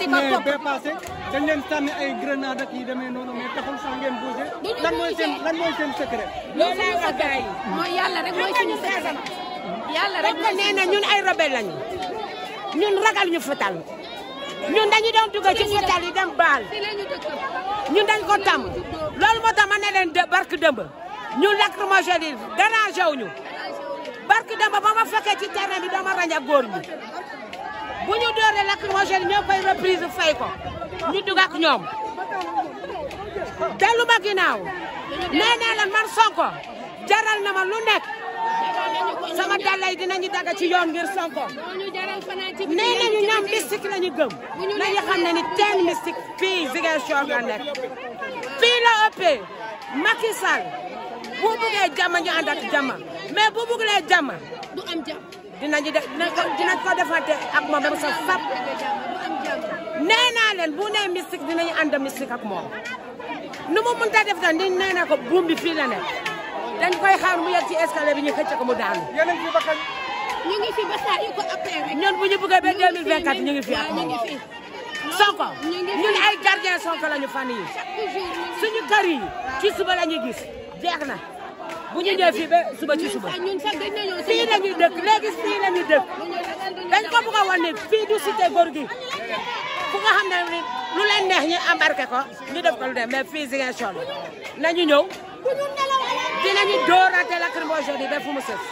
di ko topp dépassé dañ leen sànni ay grenade ak yi demee noonu mais taxul sax ngeen bougé lan mooy seen lan mooy seen secret loolu lay wax gars yi mooy yàlla rek mooy suñu secret yàlla rek ko nee na ñun ay rebelle lañu ñun ragal ñu fetal ñun dañu doon dugg ci fetal yi dem baal ñun dañ ko tàmm loolu moo tax ma ne leen barke dëmb ñun lacrymogène yi dérangé wu ñu barke dëmb ba ma fekkee ci terrain bi dama rañ ak góor ñi bu ñu dooree lacrymogène ñoo koy reprise fay ko ñu dugg ak ñoom dellu ma ginnaaw nee naa leen man Sonko jaral na ma lu nekk sama dalay dinañu daga ci yoon ngir Sonko nee nañu ñoom mystique la ñu gëm nañu xam ne ni teen mystique fii Ziguinchor la nekk fii la ëppee makisal bu buggee jàmm ñu ànd ak mais bu buggee jàmm du am jàmm dinañu def dinañ ko defante ak moom ba mu sax fap nee naa leen bu nee mystique dinañu ànd mystique ak moom nu mu mënta def nag ni nee na ko buum bi fii la nekk dañ xaar mu yegg ci escalier bi ñu xëcc ko mu daanu. ñu ngi fi ba saa yu ko après rek. ñun bu ñu bëggee fi ak moom. Sonko ñun ay gardien Sonko lañu fan yi suñu kër yi ci suba lañu gis jeex na. bu ñu ñëwee fii ba suba ci suba fii la ñuy dëkk léegi fii la ñuy dëkk dañ ko bëgg a wan ne fii du cité góor gi fu nga xam ne lu leen neex ñu embarqué ko ñu def ko lu ne mais fii Ziguinchor nañu ñëw dinañu dóorante lacrymogène yi ba fu mu sës